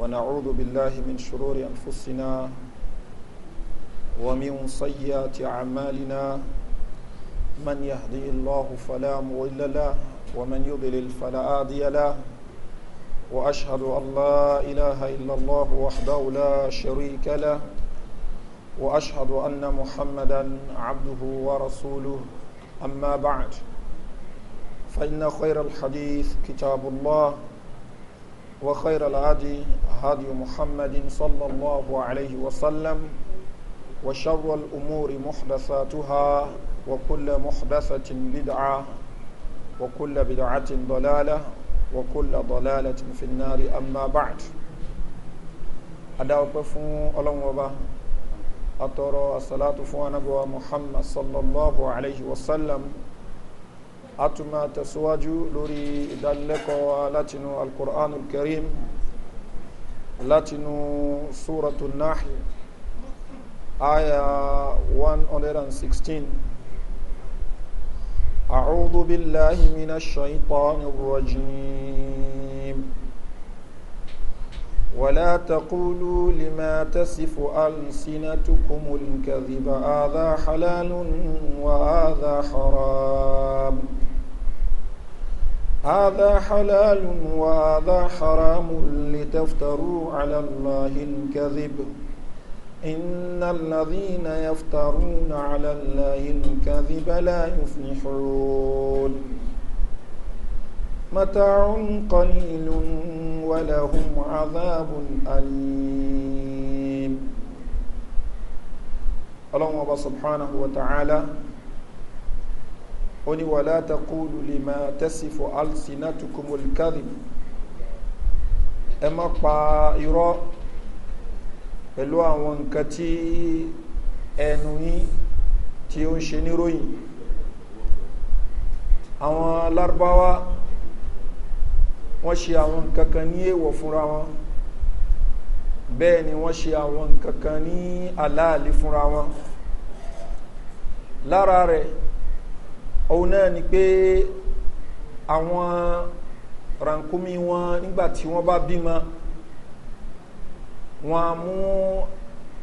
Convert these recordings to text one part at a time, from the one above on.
ونعوذ بالله من شرور أنفسنا ومن سيئات أعمالنا من يهدي الله فلا مضل له ومن يضلل فلا هادي له وأشهد أن لا إله إلا الله وحده لا شريك له وأشهد أن محمدا عبده ورسوله أما بعد فإن خير الحديث كتاب الله وخير الهدي هدي محمد صلى الله عليه وسلم وشر الأمور محدثاتها وكل محدثة بدعة وكل بدعة ضلالة وكل ضلالة في النار أما بعد أدعوك فون ألم وبا أترى الصلاة فون محمد صلى الله عليه وسلم أتما tẹ̀síwájú لوري ìdánilẹ́kọ̀ọ́ لاتنو القرآن الكريم لاتنو سورة النحل آية 116 أعوذ بالله من الشيطان الرجيم ولا تقولوا لما تصف ألسنتكم الكذب هذا حلال وهذا حرام هذا حلال وهذا حرام لتفتروا على الله الكذب إن الذين يفترون على الله الكذب لا يفلحون متاع قليل ولهم عذاب أليم اللهم سبحانه وتعالى ó ní wàlá takúlù lè máa tẹ́sí fún alsina tukumul kadhib ẹ má pa irọ́ pẹ̀lú àwọn nǹkan tí ẹnu yín tí ó ń ṣe níròyìn àwọn lárúbáwá wọ́n ṣe àwọn nǹkan kan ní èèwọ̀ fúnra bẹ́ẹ̀ ni wọ́n ṣe àwọn nǹkan ní aláàlì fúnra wọn lára rẹ̀ òun náà ni pé àwọn rankumi wọn nígbà tí wọ́n bá bímọ wọn a mú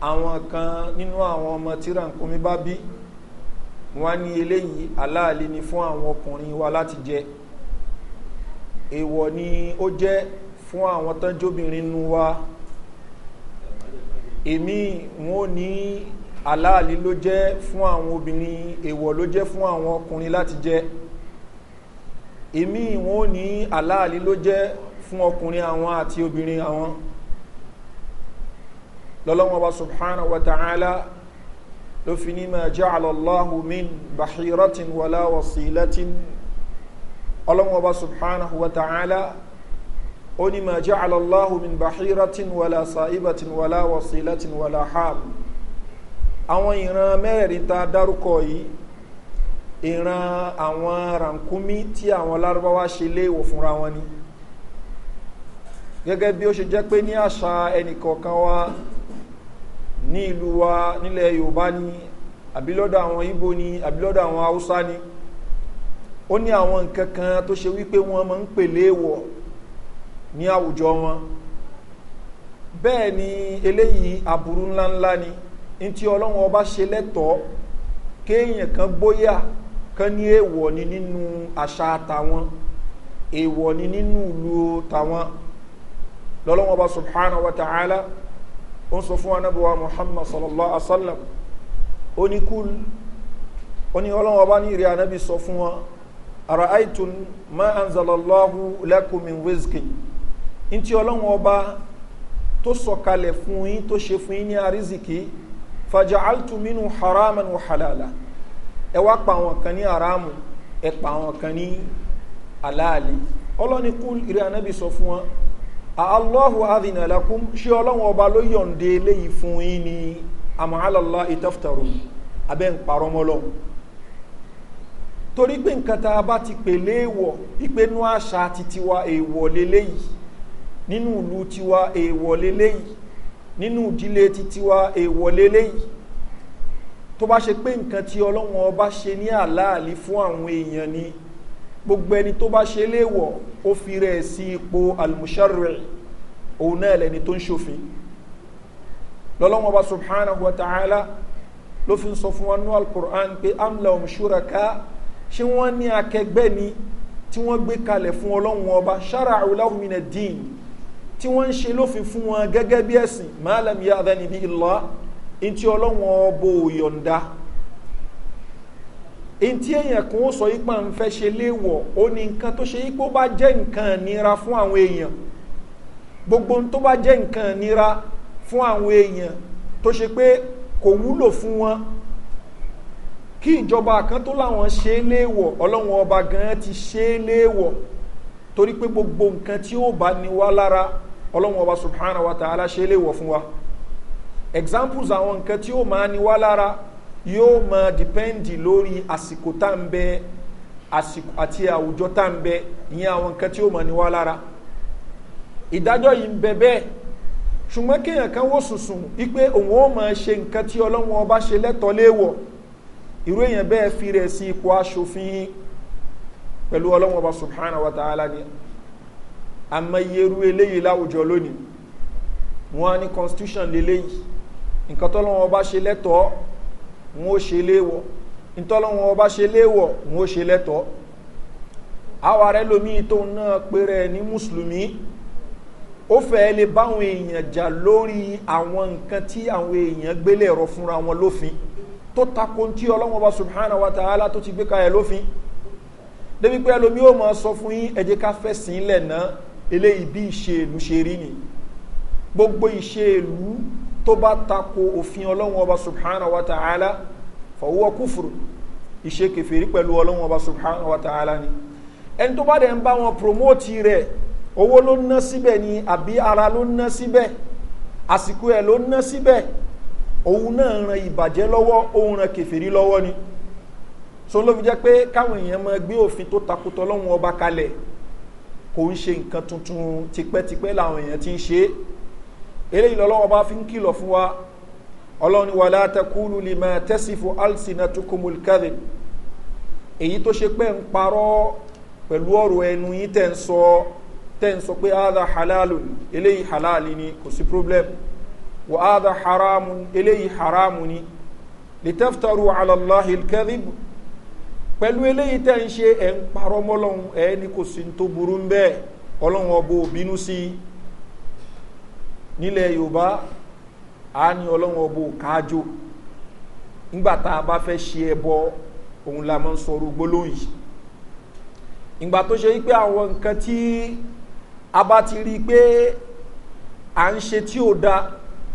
àwọn kan nínú àwọn ọmọ tí rankumi bá bí wọn ní eléyìí aláàlè ni fún àwọn ọkùnrin wa láti jẹ èèwọ̀ ni ó jẹ́ fún àwọn tán jóbìnrin nu wa èmi wọn ò ní aláàlí ló jẹ́ fún àwọn obìnrin èwọ̀ ló jẹ́ fún àwọn ọkùnrin láti jẹ́ èmi wọn ò ní aláàlí ló jẹ́ fún ọkùnrin àwọn àti obìnrin àwọn lọ́lọ́wọ́n wa subhana wa ta'ala ló fi ní ma jẹ́ alọ́láhù min bahiratin wàlá wasilatin ọlọ́wọ́n wa subhana wa ta'ala ó ní ma jẹ́ alọ́láhù min bahiratin wàlá sa'ibatin wàlá wasilatin wàlá haamu àwọn ìran mẹ́rẹ̀ẹ̀rin ta dárúkọ yìí ìran àwọn rànkúmí tí àwọn lárúbáwá ṣe léèwọ̀ fúnra wọn ni gẹ́gẹ́ bí ó ṣe jẹ́ pé ní àṣà ẹnìkọ̀ọ̀kan wa ní ìlú wa nílẹ̀ yorùbá ni àbílọ́dọ̀ àwọn ibo ni àbílọ́dọ̀ àwọn haúsá ni ó ní àwọn nǹkan kan tó ṣe wípé wọ́n máa ń pèlè wọ̀ ní àwùjọ wọn bẹ́ẹ̀ ni eléyìí aburú ńláńlá ni ní tí ọlọ́run ọba ṣe lẹ́tọ̀ọ́ kéèyàn kan gbóyà kan ní èèwọ̀ ni nínú àṣà tàwọn èèwọ̀ ni nínú ìlú tàwọn lọ́lọ́run ọba subhanahu wa ta'ala ó ń sọ fún anábíwá muhammad sallallahu alaihi wa sallam ó ní kúl ó ní ọlọ́run ọba ní ìrẹ́ anábì sọ fún wọn ara aitun ma anzalallahu lakumin wizkin ní tí ọlọ́run ọba tó sọ̀kalẹ̀ fún yín tó ṣe fún yín ní àrízìkí fàjàáltù mínú haraman wa halala ẹ wá pa àwọn kan ní haramu ẹ pa àwọn kan ní aláàlì ọlọ́ni kú ìrẹ́ anábì sọ fún wọn àálọ́hù adìnà lakum ṣé ọlọ́run ọba ló yọ̀ǹde eléyìí fún yín ni àmàlàlá ìtọ́fùtàrò abẹ́ ń parọ́ mọ́lọ́ torí pé nǹkan tá a bá ti pè léèwọ̀ ìpinnu àṣà ti èèwọ̀ lélẹ́yìí nínú ìlú tiwa èèwọ̀ lélẹ́yìí nínú ìdílé titiwa wa èèwọ̀ lélẹ́yìí tó bá ṣe pé nǹkan tí ọlọ́wọ́n ọba ṣe ní àláàlí fún àwọn èèyàn ni gbogbo ẹni tó bá ṣe léèwọ̀ ó fi rẹ̀ sí ipò almusharri òun náà lẹni tó ń ṣòfin lọ́lọ́wọ́n ọba subhanahu wa ta'ala ló fi ń sọ fún wọn ní alukur'an pé amla omṣuraka ṣé wọ́n ní akẹgbẹ́ ni tí wọ́n gbé kalẹ̀ fún ọlọ́wọ́n ọba ṣára àwùláhùn mi nà tí wọ́n ń ṣe lófin fún wọn gẹ́gẹ́ bí ẹ̀sìn malam yadda níbi ìlọ in tí ọlọ́wọ́n bò yọ̀ǹda in tí èèyàn kan ó sọ ipa ń fẹ́ ṣe léwọ̀ ó ní nǹkan tó ṣe ipò bá jẹ́ nǹkan nira fún àwọn èèyàn gbogbo tó bá jẹ́ nǹkan nira fún àwọn èèyàn tó ṣe pé kò wúlò fún wọn kí ìjọba kan tó láwọn ṣe léwọ̀ ọlọ́wọ́n ọba gan ti ṣe léwọ̀ torí pé gbogbo nǹkan tí ó bá ní wá lára ọlọ́wọ́n ọba subhanahu wa ta'ala ṣe lè wọ̀ fún wa examples àwọn nǹkan tí ó máa ní wá lára yóò máa dìpẹ́ǹdì lórí àsìkò tá ń bẹ àsìkò àti àwùjọ tá ń bẹ ìyẹn àwọn nǹkan tí ó máa ní wá lára ìdájọ́ yìí ń bẹ bẹ́ẹ̀ ṣùgbọ́n kéèyàn kan wó sùsùn wípé òun ó máa ṣe nǹkan tí ọlọ́wọ́n ọba ṣe lẹ́tọ̀ọ́ léèwọ̀ irú èèyàn bẹ́ẹ̀ fi rẹ̀ sí ipò aṣòfin pẹ̀lú ọlọ́wọ́n ọba subhanahu wa ta'ala ni àmọ́yẹrú eléyìí láwùjọ lónìí wọ́n á constitution leléyìí nǹkan tọ́lọ́wọ́n bá ṣe lẹ́tọ̀ọ́ wọ́n ó ṣe léwọ̀ ntọ́lọ́wọ́n bá ṣe léwọ̀ wọ́n ó ṣe lẹ́tọ̀ọ́ àwa rẹ lomi tó náà péré ní mùsùlùmí ó fẹ́ẹ́ lè báwọn èèyàn jà lórí àwọn nǹkan tí àwọn èèyàn gbélé ẹ̀rọ fúnra wọn lófin tó tako tí ọlọ́wọ́n bá subhanahu wa ta'ala tó ti gbé kalẹ̀ lófin débi pé ẹlòmí ó máa sọ fún yín ẹ̀jẹ̀ ká fẹ́ sìn lẹ̀ náà eléyìí bí ìṣe ìlú ṣe rí ni gbogbo ìṣe ìlú tó bá tako òfin ọlọ́run ọba subhanahu wa ta'ala fọwọ́ kúfùrù ìṣe kẹfẹ́rí pẹ̀lú ọlọ́run ọba subhanahu wa ta'ala ni ẹni tó bá dẹ̀ ń bá wọn promote rẹ̀ owó ló ná síbẹ̀ ni àbí ara ló ná síbẹ̀ àsìkò ẹ̀ ló ná síbẹ̀ òun náà ran ìbàjẹ́ lọ́wọ́ òun ran kẹfẹ́rí lọ́wọ́ ni so ló fi jẹ́ pé káwọn èèyàn máa gbé òfin tó takotọ́ lọ́run ọba kalẹ̀ kò ń ṣe nǹkan tuntun tipẹ́tipẹ́ làwọn èèyàn ti ń ṣe eléyìí lọ́lọ́wọ́ bá fi ń kìlọ̀ fún wa ọlọ́ni wà látẹkùlù lè máa tẹ́sífò alsina tó kòmùl kẹ́rin èyí tó ṣe pé ń parọ́ pẹ̀lú ọ̀rọ̀ ẹnu yìí tẹ́ ń sọ tẹ́ ń sọ pé áàdà halalun eléyìí halali ni kò sí problem wà áàdà haramun eléyìí haramu ni lè tẹ́ftaru alàláhìl kẹ́rin pẹ̀lú eléyìí tẹ́ ń ṣe ẹ̀ ń parọ́ mọ́lọ́hun ẹ̀ ní kò sí tó burú ń bẹ́ẹ̀ ọlọ́run ọbọ òbínú sí nílẹ̀ yorùbá a ní ọlọ́run ọbọ òkájò ńgbàtà bá fẹ́ ṣe ẹbọ òun la máa ń sọrọ ìgbà tó ṣe wípé àwọn nǹkan tí a bá ti rí i pé à ń ṣe tí ò da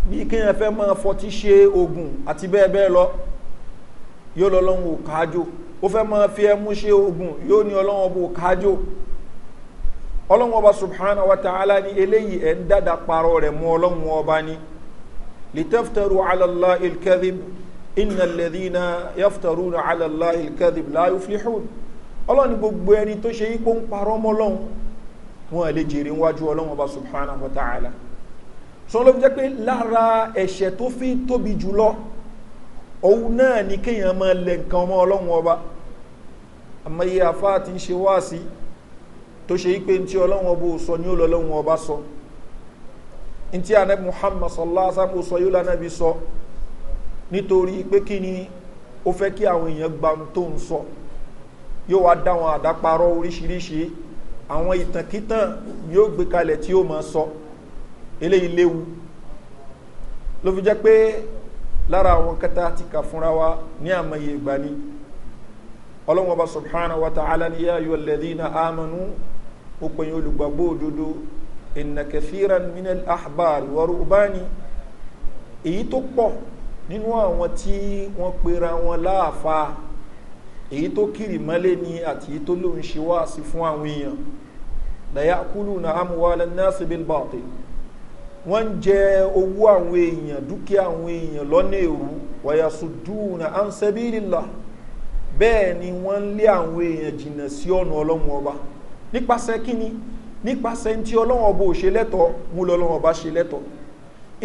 bí kéèyàn fẹ́ máa fọtí ṣe oògùn àti bẹ́ẹ̀ bẹ́ẹ̀ lọ yóò lọ́lọ́run òkájò. Lo ó fẹ́ máa fi ẹmú ṣe ogun yóò ní ọlọ́wọ́n bó kájò ọlọ́wọ́n ọba subhanahu wa ta'ala ni eléyìí ẹ̀ ń dada parọ́ rẹ̀ mú ọlọ́wọ́n ọba ni litaftaru alala ilkadib inna ladina yaftaru alala ilkadib láyé flihun ọlọ́ni gbogbo ẹni tó ṣe ipò ń parọ́ mọ́ wọn lè jèrè wájú ọlọ́wọ́n ọba subhanahu wa ta'ala sọ́n ló fi jẹ́ pé lára ẹ̀ṣẹ̀ tó fi tóbi jùlọ òun náà ni kéèyàn máa lẹ̀ nǹkan ọmọ ọlọ́run ọba àmọ́yé afá ti ń ṣe wá sí tó ṣe ipe tí ọlọ́run ọba sọ ní ọlọ́run ọba sọ ntí anabi muhammad sallallahu alaihi wa sallam sọ yóò lánàbí sọ nítorí pé kí ni ó fẹ́ kí àwọn èèyàn gba ohun tó ń sọ yóò wá dáwọn àdáparọ́ oríṣiríṣi àwọn ìtànkítàn yóò gbé kalẹ̀ tí ó máa sọ eléyìí léwu ló fi jẹ́ pé lára àwọn kẹta ti kà fúnra wa ní àmọye ìgbà ni ọlọ́wọ́n bá subhanahu wa ta'ala ni yá yọ lẹ́dínà amanu ó pẹ̀yìn olùgbàgbọ́ òdodo ìnà kẹfìrà minel ahbar wọ́rọ̀ ubani èyí tó pọ̀ nínú àwọn tí wọ́n pera wọn láàfa èyí tó kiri mọ́lẹ̀ ni àti èyí tó lóun ṣe wá sí fún àwọn èèyàn dàyà kúlù na amúwalẹ̀ náà sí bilbaate wọ́n jẹ owó àwọn èèyàn dúkìá àwọn èèyàn lọ́nà èrú wàyà sùdúù na ansẹ́bílìlá bẹ́ẹ̀ ni wọ́n ń lé àwọn èèyàn jìnnà sí ọ̀nà ọlọ́run ọba nípasẹ̀ kíni nípasẹ̀ tí ọlọ́run ọba ò ṣe lẹ́tọ̀ mú lọ́lọ́run ọba ṣe lẹ́tọ̀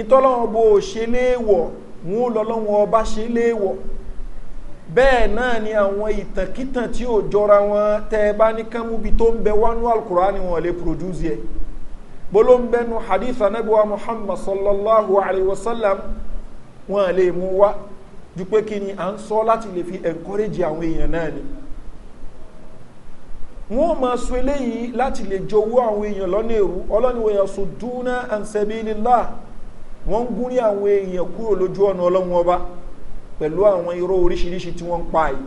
ìtọ́lọ́run ọba ò ṣe léèwọ̀ mú lọ́lọ́run ọba ṣe léèwọ̀ bẹ́ẹ̀ náà ni àwọn ìtànkítàn tí ò jọra wọn tẹ́ ẹ bá ní kánmúbi tó ń bẹ wánú alukura ni wọn lè produce yẹ bolóńbẹ́nu hadith anabiwa muhammad sallallahu alayhi wa sallam wọn lè mú wá ju pé kí ni à ń sọ láti lè fi encourage àwọn èèyàn náà ni wọ́n ma sọ eléyìí láti lè jowó àwọn èèyàn lọ́nà èrú ọlọ́niwọ̀ èèyàn sọ dúnà ànsẹ́bílélá wọ́n ń gún àwọn èèyàn kúrò lójú ọ̀nà ọlọ́run ọba pẹ̀lú àwọn irọ́ oríṣiríṣi tí wọ́n ń pa yìí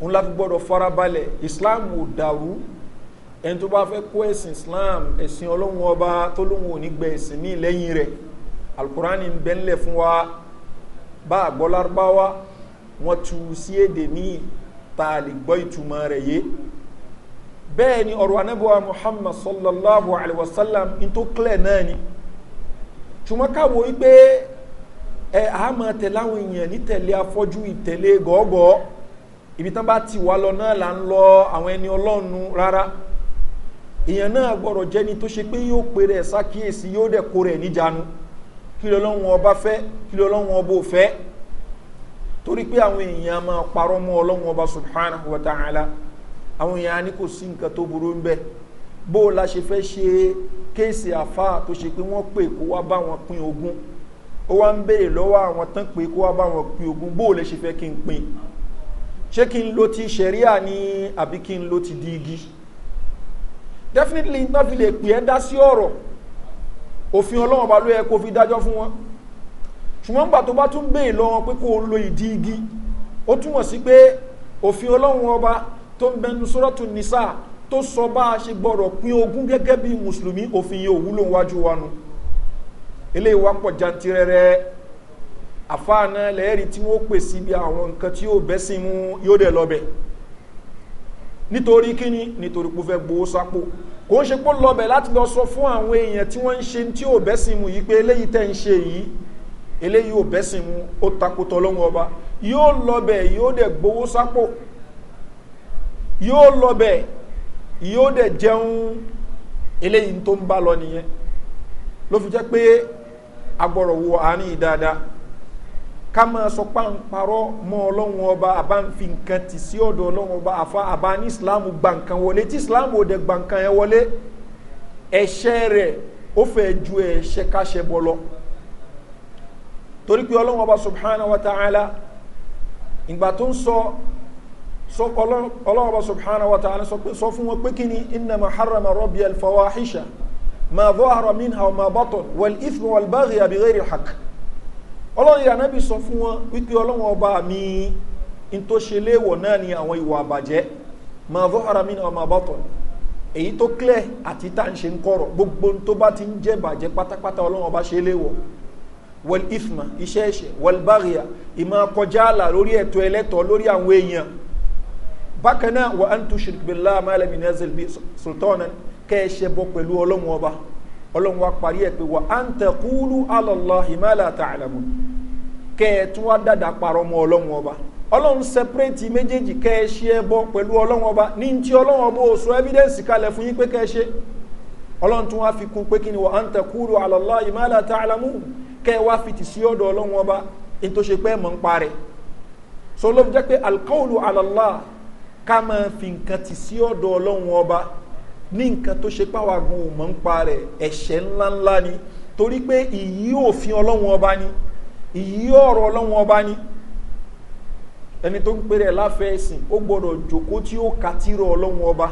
òun láti gbọ́dọ̀ farabalẹ̀ islam ò dàrú ẹni tó bá fẹ́ kó ẹ̀sìn islam ẹ̀sìn ọlọ́run ọba tó lóun ò ní gbẹ ẹ̀sìn míì lẹ́yìn rẹ̀ alukurani ń bẹ́ńlẹ̀ fún wa bá àgbọ́ lárúbáwá wọ́n tu sí èdè míì tá gbọ́ ìtumọ̀ rẹ̀ yé bẹ́ẹ̀ ni ọ̀rọ̀ anábíwá muhammad sallallahu alaihi wasallam in tó clear náà ni ṣùgbọ́n káwọ́ wípé ẹ a máa tẹ̀lé àwọn èèyàn ní tẹ̀lé afọ́jú ìtẹ̀lé gọ́ọ̀gọ́ ibi tán bá ti wá lọ náà là ń lọ àwọn ẹni ọlọ́run rárá èèyàn náà gbọ́dọ̀ jẹ́ni tó ṣe pé yóò pè rẹ̀ sákíyèsí yóò dẹ̀ kó rẹ̀ níjànú kí lọ́lọ́run ọba fẹ́ kí lọ́lọ́run ọba ò fẹ́ torí pé àwọn èèyàn máa parọ́ mọ́ ọlọ́run ọba subhanahu wa ta'ala àwọn èèyàn á ní kò sí nǹkan tó burú ń bẹ́ẹ̀ bó la ṣe fẹ́ ṣe kéèsì àfa tó ṣe pé wọ́n pè kó wá bá wọn pin ogun ó wá ń béèrè lọ́wọ́ àwọn tán pé kó wá bá wọn pin ogun bó lè ṣe fẹ́ kí n pin ṣé kí n lo ti ṣẹ̀ríà ni àbí kí n lo ti di igi definitely n tán fi lè pè ẹ́ dá sí ọ̀rọ̀ òfin ọlọ́wọ́n bá ló yẹ kó fi dájọ́ fún wọn ṣùgbọ́n gbà tó bá tún béè lọ́wọ́ pé kó o lo ìdí igi ó túmọ̀ sí pé òfin ọlọ́wọ́n ọba tó ń bẹnu sọ́rọ́tù nìsà tó sọ bá a ṣe gbọ́rọ̀ pín ogún gẹ́gẹ́ bí mùsùlùmí òfin yìí òwúlò wájú wa nu eléyìí wá pọ̀ jantirẹrẹ àfáàná lẹ́ẹ̀rí tí wọ́n pè síbi àwọn nǹkan tí yóò bẹ́ sí mú yóò dẹ̀ lọ nítorí kíni nítorí pé fẹ́ gbowó sápò kò ń ṣe pé lọ́bẹ̀ láti lọ sọ fún àwọn èèyàn tí wọ́n ń ṣe tí ò bẹ́sìn mu yìí pé eléyìí tẹ́ ń ṣe yìí eléyìí ò bẹ́sìn mu ó takotọ lọ́wọ́ ọba yóò lọ́bẹ̀ yóò dẹ̀ gbowó sápò yóò lọ́bẹ̀ yóò dẹ̀ jẹun eléyìí tó ń bá lọ nìyẹn ló fi jẹ́ pé agbọ̀rọ̀ wo àárín dáadáa ká máa sọ pá ń parọ́ mọ́ ọlọ́run ọba àbá ń fi nǹkan tì sí ọ̀dọ̀ ọlọ́run ọba àfa àbá ní islam gba nǹkan wọlé tí islam ò dẹ̀ gba nǹkan yẹn wọlé ẹ̀ṣẹ́ rẹ̀ ó fẹ́ ju ẹ̀ṣẹ́ káṣẹ bọ́ lọ torí pé ọlọ́run ọba subhanahu wa ta'ala ìgbà tó ń sọ sọ ọlọ́run ọba subhanahu wa ta'ala sọ fún wọn pé kí ni inna maharama rabbi alfawahisha ma dhahara minha wa ma baton wal ithmu wal baghi abi ghairi haqq ọlọ́run ìrànàbí sọ fún wọn wípé ọlọ́run ọba mi in tó ṣe léèwọ̀ náà ni àwọn ìwà àbàjẹ́ máa vọ́ ara mi náà máa bọ́tọ̀ èyí tó clear àti tá n ṣe ń kọ̀rọ̀ gbogbo tó bá ti ń jẹ́ bàjẹ́ pátápátá ọlọ́run ọba ṣe léèwọ̀ wọl ifma iṣẹ́ ẹ̀ṣẹ̀ wọl bàríà ìmọ̀ kọjá àlà lórí ẹ̀tọ́ ẹlẹ́tọ̀ lórí àwọn èèyàn bákan náà wà á ń tu ṣìrìkìbìlá máa lẹ́mìnira zèlbí sultana kẹ́ ẹ bọ́ pẹ̀lú ọlọ́run ọba ọlọ́run wa parí ẹ̀ pé wà á ń tẹ kúlú alọ́lá himala tààlàmù kẹ́ ẹ tún wá dàda parọ́ mọ́ ọlọ́run ọba ọlọ́run sẹpẹ́rẹ́tì méjèèjì kẹ́ ẹ ṣe ẹ bọ́ pẹ̀lú ọlọ́run ọba ní ti ọlọ́run ọba òṣù ẹ́fídẹ́ǹsì kalẹ̀ fún yín pé kẹ́ ẹ ṣe ọlọ́run tún wá fi kún pé kí ni wà á ń tẹ kúlú tààlàmù kẹ́ ẹ wá fi sí ọ̀dọ̀ ọlọ́run ọba ní tó ṣe pé mọ̀ ń parẹ́ so ló fi jẹ́ pé alkọ́ọ̀lù alọ́lá ká máa fi nǹkan tì sí ọ̀dọ̀ ọlọ́run ọba ní nǹkan tó ṣe páwagun ò mọ̀ ń pa rẹ̀ ẹ̀ṣẹ̀ ńláńlá ni torí pé ìyí òfin ọlọ́run ọba ni ìyí ọ̀rọ̀ ọlọ́run ọba ni ẹni tó ń pèrè láfẹ́ ẹ̀sìn ó gbọ́dọ̀ jòkó tí ó ka tírọ̀ ọlọ́run ọba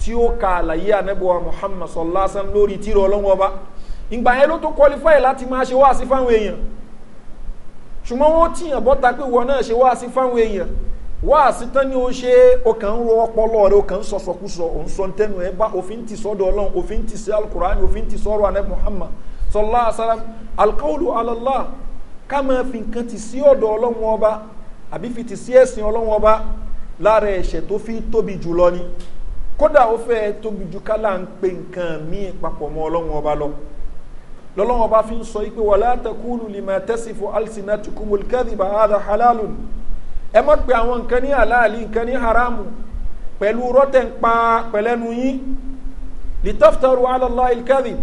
tí ó ka àlàyé anábọ̀wá muhammad sallásán lórí tírọ̀ ọlọ́run ọba ìgbà yẹn ló tó qualify láti máa ṣe wáàsí fáwọn èèyàn ṣùgbọ́n wọ́n tìyàn bọ́ta pé wọn náà ṣe wáàsí fáwọn èèyàn wá àsìtán ni ó ṣe ó kàn ń ro ọpọlọ rẹ ó kàn ń sọsọkúsọ òun sọ tẹnu ẹ bá òfin ti sọdọ ọlọrun òfin ti sí alukurani òfin ti sọrọ anẹ muhammad sọlá asalam alkaulu alala ká máa fi nǹkan ti sí ọdọ ọlọrun ọba àbí fi ti sí ẹsìn ọlọrun ọba lára ẹ̀ṣẹ̀ tó fi tóbi jù lọ ni kódà ó fẹ́ tóbi jù kálá ń pe nǹkan míì papọ̀ mọ́ ọlọ́run ọba lọ lọ́lọ́run ọba fi ń sọ yí pé wàlá àtẹkùlù lè máa tẹ́sí fún alsinatukumul kẹ́rìbà àdà halalun ẹ mọ̀ pé àwọn nǹkan ní àláàlì nǹkan ní haramu pẹ̀lú rọ́tẹ̀ ń pa pẹ̀lẹ́nu yín litọ́fitọ́rù alọ́lá ilkẹ́rì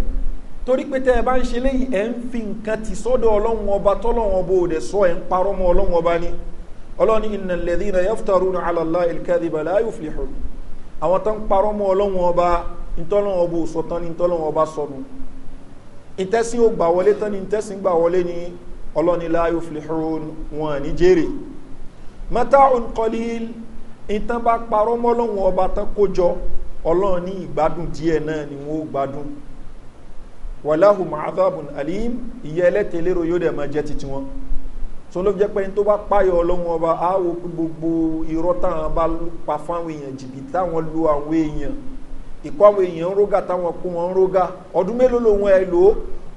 torí pé tẹ́ ẹ bá ń ṣe léyìí ẹ̀ ń fi nǹkan ti sọ́dọ̀ ọlọ́run ọba tọ́lọ́run ọba òde sọ ẹ̀ ń parọ́ mọ́ ọlọ́run ọba ni ọlọ́ni iná lẹ́dínà yọ́fitọ́rù alọ́lá ilkẹ́rì bàlá yóò fi hù àwọn tó ń parọ́ mọ́ ọlọ́run ọba ntọ́lọ́run ọba òsọ tán ni ntọ́lọ́run ọba sọnù ìtẹ́sìn ó gbà wọlé tán ni ìtẹ́sìn gbà wọlé ni ọlọ́ni láyò fi hù wọn ní jèrè mataun kọlil ìtàn bá parọ́ mọ́lọ́wọ́n ọba tán kó jọ ọlọ́run ní ìgbádùn díẹ̀ náà ni wọ́n ó gbádùn wàláhù ma'adhabun alim ìyẹ́ ẹlẹ́tẹ̀lérò yóò dẹ̀ máa jẹ́ titi wọn tó ló jẹ́ pé ní tó bá páyọ̀ ọlọ́run ọba á wo gbogbo irọ́ táwọn bá pa fáwọn èèyàn jìbìtì táwọn lu àwọn èèyàn ìkọ́ àwọn èèyàn ń rógà táwọn kó wọn ń rógà ọdún mélòó lòun ẹ̀ lò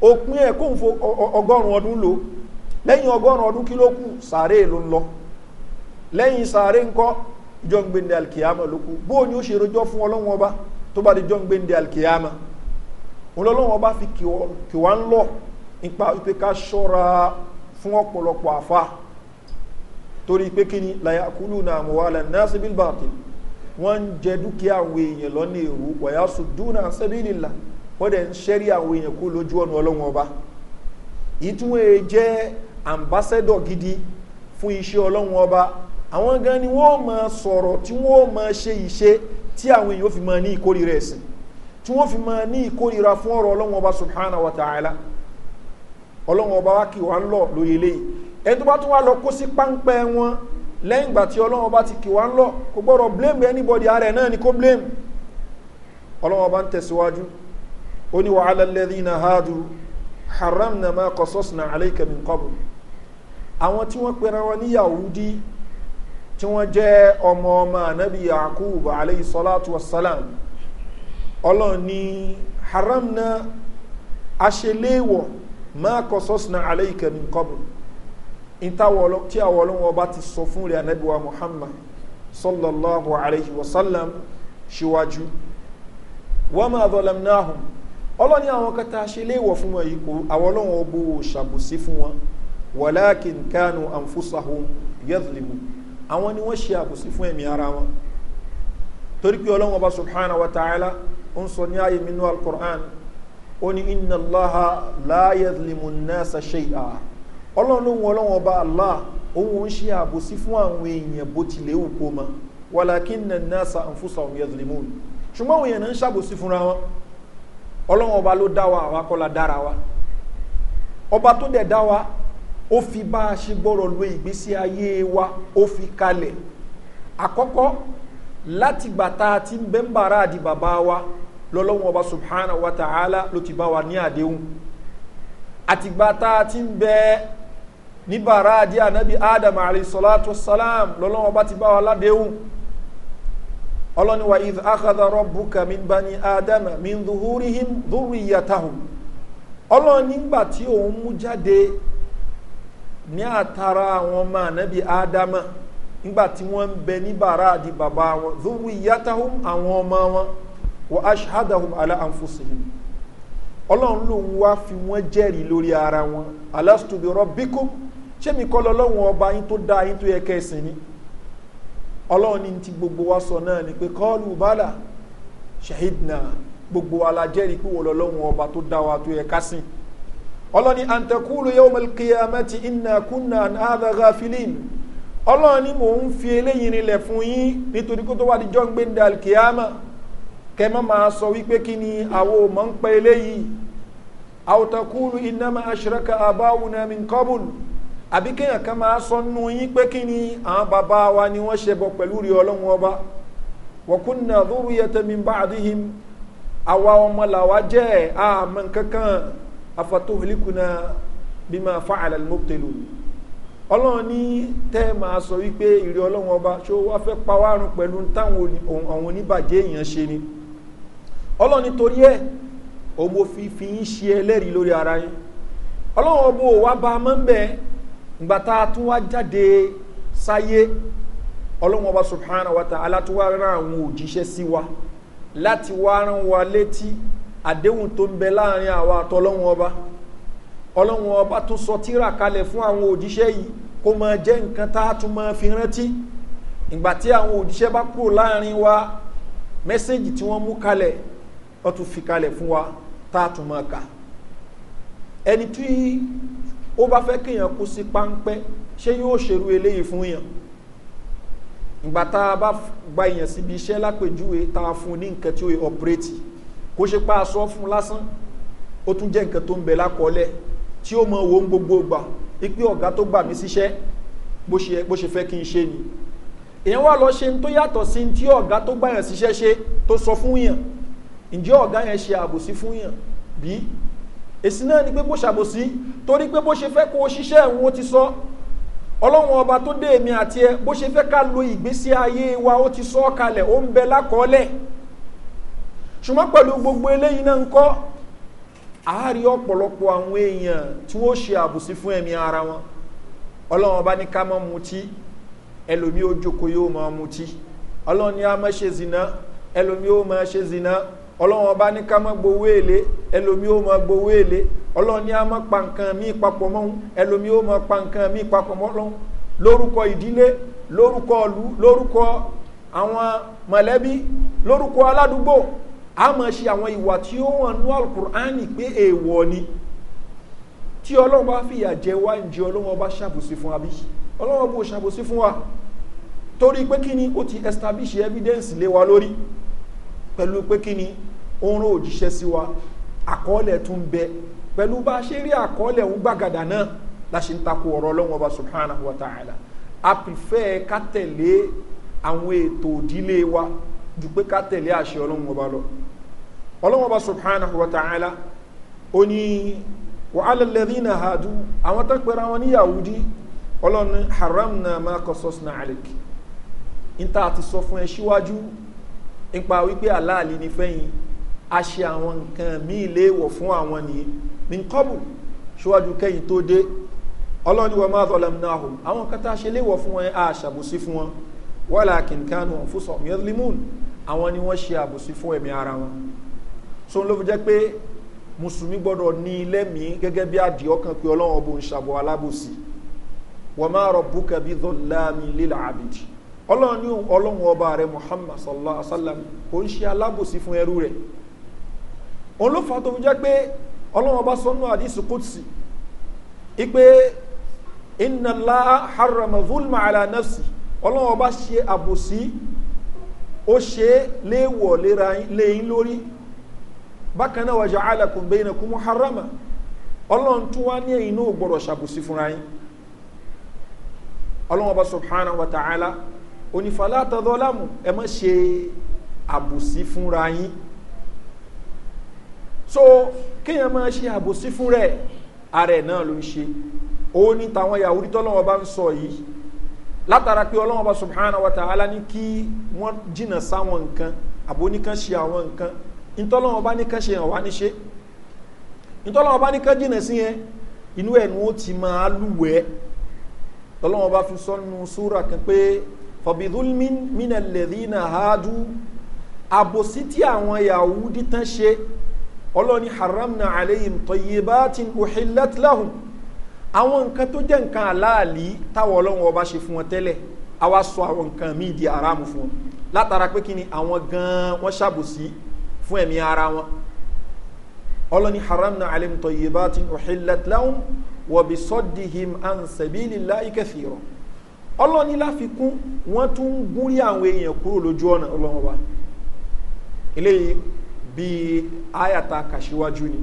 ó pín ẹ̀ kóun fo ọgọ́rùn-ún ọdún lò lẹ́yìn ọgọ́rùn-ún ọdún lẹ́yìn sàárè ńkọ́ ìjọ ń gbéǹde alkiyama ló bụ onye ni ó ṣe rojọ́ fún ọlọ́wọ́n ọba tó bá di jọ ń gbéǹde alkiyama ọlọ́wọ́n ọba fi kì wá ń lọ nípa ká ṣọ́ra fún ọ̀pọ̀lọpọ̀ àfa torí pé kí ni kúlù náà mọ̀ lẹ́nu náà síbí bàtì wọ́n ń jẹ dúkìá àwọn èèyàn lọ́nà èrú sẹ́bí nìlà wọ́n dẹ̀ ń ṣẹ́rí àwọn èèyàn kú fún iṣẹ́ ọlọ́wọ́n àwọn gan ni wọ́n mọ sọ̀rọ̀ tí wọ́n mọ ṣe ìṣe tí àwọn èèyàn fi mọ ní ìkórira ẹ̀sìn tí wọ́n fi mọ ní ìkórira fún ọ̀rọ̀ ọlọ́wọ́n ọba subhana wa ta'ala ọlọ́wọ́n ọba wa kì wá ń lọ lórí eléyìí ẹni tó bá tún wá lọ kó sí páńpẹ́ wọn lẹ́yìn ìgbà tí ọlọ́wọ́n ọba ti kì wá ń lọ kò gbọ́dọ̀ blame anybody ara ẹ̀ náà ni kò blame ọlọ́wọ́n ọba ń tẹ̀síwájú ó ní wàhálà lẹ́dínà hádùú haram na máa kọ́ sọ́sìn àlẹ́ ìkẹ́mi kọ́bù àwọn tí wọ́n pera wọn ní yahudi tí wọ́n jẹ́ ọmọ ọmọ anabi yakub alayhi salatu wasalam ọlọ́run ní haram na aṣeléwọ̀ máa kọ sọ́sìnà alayka min kọ́bù tí àwọn ọlọ́run ọba ti sọ fún rẹ̀ anabi wa muhammad sallallahu alayhi wasallam ṣíwájú wọ́n máa dọ̀lẹ̀ náà ọlọ́ni àwọn kẹta aṣeléwọ̀ fún wọn yìí kò àwọn ọlọ́run ọbọ̀ ṣàbùsí fún wọn wọ̀láàkì kánú àǹfúsàhùn yẹ́dùlìmù àwọn ni wọ́n ṣe àkùsí fún ẹ̀mí ara wọn torí pé ọlọ́run ọba subhanahu wa ta'ala ń sọ ní ayé minú alkur'an ó ní iná láha láyé limunasa ṣe'a ọlọ́run ló ń wọ́n ọlọ́run ọba allah òun ń ṣe àbòsí fún àwọn èèyàn bó tilẹ̀ wù kó ma wàlákí nà nasa ànfúsà òun yẹ limun ṣùgbọ́n àwọn èèyàn ń ṣàbòsí fúnra wọn ọlọ́run ọba ló dá wa àwa kọ́la dára wa ọba tó dẹ̀ dá wa ó fi bá a ṣe gbọ́rọ̀ lo ìgbésí ayé wa ó fi kalẹ̀ àkọ́kọ́ láti gbàtà tí ń bẹ́ ń bàrá àdì bàbá wa lọ́lọ́wọ́n ọba subhanahu wa ta'ala ló ti bá wa ní àdéhùn àtìgbàtà tí ń bẹ ní bàrá àdì ànábì adam alayhisalatu lọ́lọ́wọ́n ọba ti bá wa ládéhùn ọlọ́ni wa idh rabbuka min bani adam min dhuhurihim dhurriyatahum ọlọ́ni ngbà tí òun mú jáde ní àtàrà àwọn ọmọ ànábì ádámà nígbà tí wọ́n ń bẹ ní bàrá àdì bàbá wọn lórí ìyátahùn àwọn ọmọ wọn wọ aṣáàdàhùn aláàfọ̀sẹ̀yìn ọlọ́run lòun wá fi wọ́n jẹ́rìí lórí ara wọn alásùtòbí rọ́bíkó ṣé kọ́ lọ́lọ́run ọba yín tó dáa yín tó yẹ kẹ́sìn ni ọlọ́run ní ti gbogbo wa sọ náà ni pé kọ́ọ̀lù bàlà ṣahidna gbogbo wa la jẹ́rìí ọba tó dáa wa tó yẹ kásìn ọlọ́ni antakulu yawmal qiyamati inna kunna an hadha ghafilin ọlọ́run ni mò ń fi eléyìí rinlẹ̀ fún yín nítorí kó tó wà díjọ́ ń gbé ní alkiyama kẹ má máa sọ wípé kí ni àwo mọ̀ ń pẹ́ eléyìí àwòtakúlù innama ashraka abawuna min qabul àbí kéèyàn kan máa sọ nínú yín pé kí ni àwọn bàbá wa ni wọ́n ṣẹbọ pẹ̀lú rí ọlọ́run ọba wa kunna dhurriyatan min ba'dihim àwa ọmọ jẹ́ àmọ́ kankan afatuhlikuna bima fa'ala al-mubtilun ọlọ́run ni tẹ máa sọ wípé ìrì ọlọ́run ọba ṣó wá fẹ́ pawárun pẹ̀lú táwọn àwọn oníbàjẹ́ èèyàn ṣe ni ọlọ́run nítorí ẹ òun fi ń ṣe ẹlẹ́rìí lórí ara yín ọlọ́run ọba ò wá ba ń ìgbà tá a tún wá jáde sáyé ọba subhanahu wa ta'ala tún wá rán àwọn sí wa láti wá rán wa létí àdéhùn tó ń bẹ láàrin àwọn àtọlọ́hun ọba ọlọ́hun ọba tó sọ tíra kalẹ̀ fún àwọn òjíṣẹ́ yìí kó máa jẹ́ nǹkan tá a tún máa fi rántí ìgbà tí àwọn òjíṣẹ́ bá kúrò láàrin wa mẹ́sẹ̀gì tí wọ́n mú kalẹ̀ wọ́n tún fi kalẹ̀ fún wa tá a tún máa kà ẹni tí ó bá fẹ́ kéèyàn kú sí páńpẹ́ ṣé yóò ṣerú eléyìí fún yàn ìgbà tá a bá gba èèyàn síbi iṣẹ́ lápèjúwe tá a fún ní nǹkan tí ó operate kó ṣe pa aṣọ fún lásán ó tún jẹ́ nǹkan tó ń bẹ lákọọ́lẹ̀ tí ó mọ owó ń gbogbo gbà ipe ọ̀gá tó gbà mí síṣẹ́ bó ṣe fẹ́ kí n ṣe ni èèyàn wá lọ ṣe tó yàtọ̀ sí tí ọ̀gá tó gbà yàn síṣẹ́ ṣe tó sọ fún yàn ǹjẹ́ ọ̀gá yẹn ṣe àbòsí fún yàn bí èsì náà ni pé bó ṣàbòsí torí pé bó ṣe fẹ́ kó o ṣiṣẹ́ ẹ̀hún ó ti sọ ọlọ́run ọba tó dé èmi àti ẹ bó ṣe fẹ́ ká lo ìgbésí ayé wa ó ti sọ ọ́ kalẹ̀ ó ń bẹ lákọọ́lẹ̀ ṣùgbọ́n pẹ̀lú gbogbo eléyìí náà ń kọ́ àárí ọ̀pọ̀lọpọ̀ àwọn èèyàn tí wọ́n ṣe àbùsí fún ẹ̀mí ara wọn ọlọ́run bá ní ká mọ́ mutí ẹlòmí ó jókòó yóò mọ́ mutí ọlọ́run ní a mọ́ ṣe zìnà ẹlòmí ó mọ́ ṣe zìnà ọlọ́run bá ní ká mọ́ gbowó èlé ẹlòmí ó mọ́ gbowó èlé ọlọ́run ní a mọ́ pa nǹkan mí papọ̀ mọ́ ẹlòmí ó mọ́ pa nǹkan mí papọ̀ mọ́ lọ́hún lórúkọ ìdílé lórúkọ ọlú lórúkọ àwọn mọ̀lẹ́bí lórúkọ aládùúgbò a máa ṣe àwọn ìwà tí ó hàn ní alukur'ani pé èèwọ̀ ni tí ọlọ́run bá fìyà jẹ wá ń jẹ ọlọ́run bá ṣàbòsí fún wa ọlọ́run bó ṣàbòsí fún wa torí pé kí ni ó ti establish evidence lé wa lórí pẹ̀lú pé kí ni ó ń rán òjíṣẹ́ sí wa àkọọ́lẹ̀ tún bẹ pẹ̀lú bá a ṣe rí àkọọ́lẹ̀ ń gbàgàdà náà la ń takò ọ̀rọ̀ ọlọ́run ọba subhanahu wa ta'ala a prefer ká tẹ̀lé àwọn ètò ìdílé wa ju pé ká tẹ̀lé àṣẹ ọlọ́run ọba lọ ọlọ́run ọba subhanahu wa ta'ala ó ní wàhálà lẹ́dí na hadu àwọn tó pẹ̀rẹ̀ àwọn ní yahudi ọlọ́run haram na ma kọsọ́s na alek níta àti sọ fún ẹ síwájú nípa wípé aláàlì ní fẹ́yìn a ṣe àwọn nǹkan míì léèwọ̀ fún àwọn nìyí ní kọ́bù síwájú kẹ́yìn tó dé ọlọ́run ni máa zọlẹ̀m náà hù àwọn kan tá a ṣe léèwọ̀ fún wọn a ṣàbòsí fún wọn wọ́n làákìnkanu ọ̀fúsọ̀ mìíràn àwọn ni wọ́n ṣe àbòsí fún ẹ̀mí ara wọn so ló fi jẹ́ pé mùsùlùmí gbọ́dọ̀ ní lẹ́mìí gẹ́gẹ́ bí àdì ọkàn pé ọlọ́run ọbọ̀ ń ṣàbọ̀ alábòsí wọ́n máa rọ̀ búkà bí dọ́láàmì lílà àbìdì ọlọ́run ní ọlọ́run ọba rẹ̀ muhammad sallallahu alaihi wa sallam kò ń ṣe alábòsí fún ẹrú rẹ̀ òun ló fà tó fi jẹ́ pé ọlọ́run ọba sọ́nù àdìsí kùtì ipe iná láhàrá mazulma ọlọ́run ọba ṣe àbòsí ó ṣe é léèwọ̀ léyìn lórí bákan náà wàjà alakùn bẹ́yìn náà kú mú harama ọlọ́run tún wá ní ẹ̀yìn náà gbọ́dọ̀ ṣàbùsí fúnra yín ọlọ́run ọba subhanahu wa ta'ala onífàlà àtàdọ́lámù ẹ má ṣe àbùsí fúnra yín so kéèyàn máa ṣe àbùsí fúnra ẹ̀ ààrẹ náà ló ń ṣe òun ní tàwọn yahoo tọ́lọ́wọ́ bá ń sọ yìí látara pé ọlọ́wọ́n bá subhana wa ta'ala ní kí wọ́n jìnnà sáwọn nǹkan àbò nìkan ṣe àwọn nǹkan ìtọ́lọ́wọ́n bá nìkan ṣe hàn wá níṣe ìtọ́lọ́wọ́n bá nìkan jìnnà sí yẹn inú ẹ̀ ni ó ti máa lúwẹ̀ẹ́ ọlọ́wọ́n bá fi sọ́nu súra kan pé fọ̀bìdúlmín mínà lẹ́dínà háájú àbòsí tí àwọn yahoo dítan ṣe ọlọ́ni haram na aleyhim tọ́yẹ bá ti ń hùhìlẹ́tìláhùn àwọn nǹkan tó jẹ́ nǹkan aláàlí táwọn ọlọ́run ọba ṣe fún wọn tẹ́lẹ̀ a wá sọ àwọn nǹkan míì di aráàmù fún wọn látara pé kí ni àwọn gan-an wọ́n ṣàbòsí fún ẹ̀mí ara wọn ọlọ́ni haram na alim tọ̀yẹ̀ bá ti ọ̀hìnlẹ̀t láwọn wọ̀bí sọ́dí him an sẹ̀bílì láìkẹ́ fìrọ̀ ọlọ́ni láfikún wọ́n tún ń gúnrí àwọn èèyàn kúrò lójú ọ̀nà ọlọ́wọ́ wa eléyìí bíi ayata kàṣíwájú ni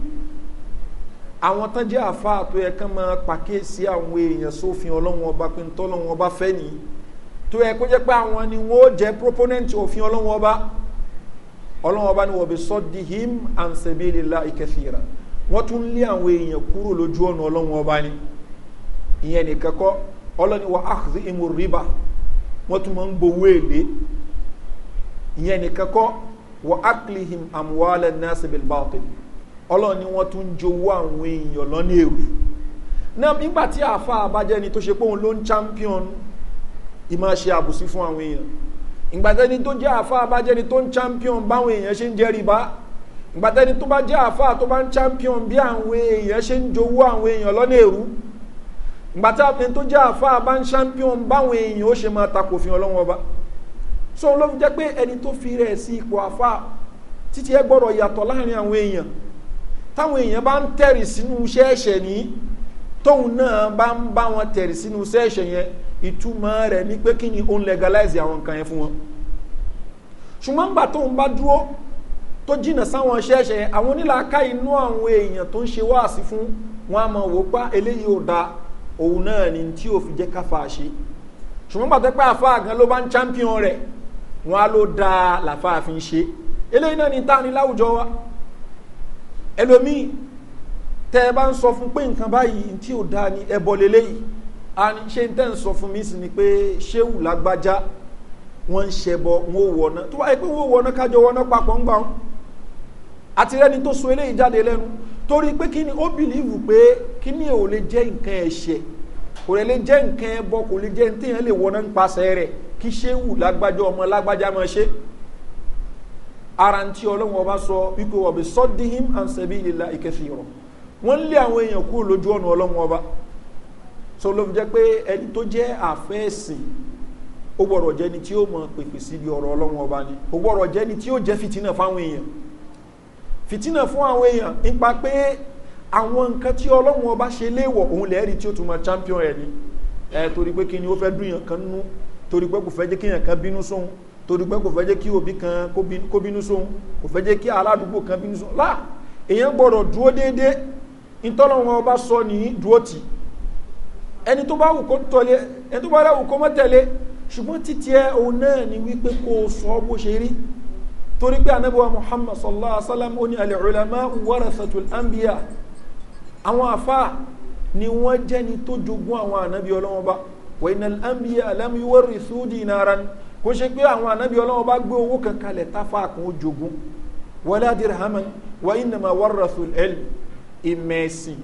àwọn tán jẹ́ àfáà tó yẹ kán máa pàkíyèsí àwọn èèyàn sófin ọlọ́run ọba pé ń tọ́lọ́run ọba fẹ́ nìyí tó yẹ kó jẹ́ pé àwọn ni wọ́n jẹ́ proponent òfin ọlọ́run ọba ọlọ́run ọba ni wọ́n bẹ sọ di him and sebele la ikẹfìrà wọ́n tún lé àwọn èèyàn kúrò lójú ọ̀nà ọlọ́run ọba ni ìyẹn nìkan kọ́ ọlọ́ni wa akhzi wọ́n tún máa ń gbowó èlé ìyẹn nìkan kọ́ wa aklihim amuwalẹ̀ nasibil baatil ọlọ́run ni wọ́n tún ń jowó àwọn èèyàn lọ́ní èrú náà nígbà tí àáfà abájẹni tó ṣe pé òun ló ń champion ìmọ̀ ṣe àbùsí fún àwọn èèyàn ìgbàtẹ́ni tó jẹ́ àáfà abájẹni tó ń champion báwọn èèyàn ṣe ń jẹ́ rìbá ìgbàtẹ́ni tó bá jẹ́ àáfà tó bá ń champion bí àwọn èèyàn ṣe ń jowó àwọn èèyàn lọ́ní èrú ìgbàtẹ́ni tó jẹ́ àáfà bá ń champion báwọn èèyàn ó ṣe máa takòfin ọlọ́wọ́n ọba so ló fi jẹ́ pé ẹni tó fi rẹ̀ sí ipò àáfà títí ẹ gbọ́dọ̀ yàtọ̀ láàrin àwọn èèyàn táwọn èèyàn bá ń tẹ̀rì sínú ṣẹ́ẹ̀ṣẹ̀ ní tóun náà bá ń bá wọn tẹ̀rì sínú ṣẹ́ẹ̀ṣẹ̀ yẹn ìtumọ̀ rẹ̀ ní pé kí ni òun legalize àwọn nǹkan yẹn fún wọn ṣùgbọ́n ńgbà tóun bá dúró tó jìnà sáwọn ṣẹ́ẹ̀ṣẹ̀ yẹn àwọn onílàáká inú àwọn èèyàn tó ń ṣe wáàsí fún wọn a wò pa ah, eléyìí ò da òun náà ni tí ò fi jẹ́ káfa ṣe ṣùgbọ́n pàtẹ́ pé da làfa àfi ń ṣe eléyìí náà ni ẹlòmíì tẹ́ ẹ bá ń sọ fún pé nǹkan báyìí tí ò dáa ni ẹbọ lélẹ́yìí a ní ṣé ń tẹ́ ń sọ fún mi sí ni pé ṣéwù lágbájá wọ́n ń ṣẹbọ wọn ò wọ̀ná tó wáyé pé wọ́n ò wọ̀ná kájọ wọ̀ná papọ̀ ń gbà wọn àti rẹ́ni tó so eléyìí jáde lẹ́nu torí pé kí ni ó bìlíìvù pé kí ni ò lè jẹ́ nǹkan ẹ̀ṣẹ̀ kò lè jẹ́ nǹkan ẹbọ kò lè jẹ́ ní téèyàn lè wọ̀ná nípasẹ̀ rẹ̀ kí ṣéwù lágbájá ọmọ lágbájá máa ṣe ara ntí ọlọ́run ọba sọ wípé wọ́n bẹ sọ́dí him and sẹ́bi ìlera ìkẹfì rọ̀ wọ́n lé àwọn èèyàn kúrò lójú ọ̀nà ọlọ́run ọba sọ ló fi jẹ́ pé ẹni tó jẹ́ àfẹ́ẹ̀sìn ó gbọ́dọ̀ jẹ́ ni tí ó mọ pèpè síbi ọ̀rọ̀ ọlọ́run ọba ni ó gbọ́dọ̀ jẹ́ ni tí ó jẹ́ fìtínà fáwọn èèyàn fìtínà fún àwọn èèyàn nípa pé àwọn nǹkan tí ọlọ́run ọba ṣe léèwọ̀ òun lẹ́ẹ̀rí tí ó tún mọ champion ẹ̀ ni ẹ̀ torí pé kí ni ó fẹ́ dùn yàn kan nú torí pé kò fẹ́ jẹ́ kí yàn kan bínú sóhun torí pé kò fẹ́ jẹ́ kí òbí kan kó bínú sóhun kò fẹ́ jẹ́ kí aládùúgbò kan bínú sóhun láà èèyàn gbọ́dọ̀ dúró déédéé ìtọ́lọ́wọ́n ọba sọ ní dúró tì ẹni tó bá wù kó tọ́lé ẹni tó bá wù kó mọ́ tẹ̀lé ṣùgbọ́n títí ẹ òun náà ni wípé kó o sọ bó ṣe rí torí pé anábíwá muhammad sallallahu alaihi wa sallam ó ní alẹ́ ìrọ̀lẹ́má warasatul anbiya àwọn àfáà ni wọ́n jẹ́ni tó jogún àwọn ànábì ọlọ́wọ́n bá wẹ̀yìn alẹ́ anbiya alámi wọ́rẹ̀ sódì náírà kó ṣe pé àwọn ànábì ọlọ́wọ́ bá gbé owó kankan lẹ̀ tá fáàkùn ó jogun wọlé adìrẹ hamani wà ìnàmà wàrọ̀sù ẹ̀l ìmẹ̀sì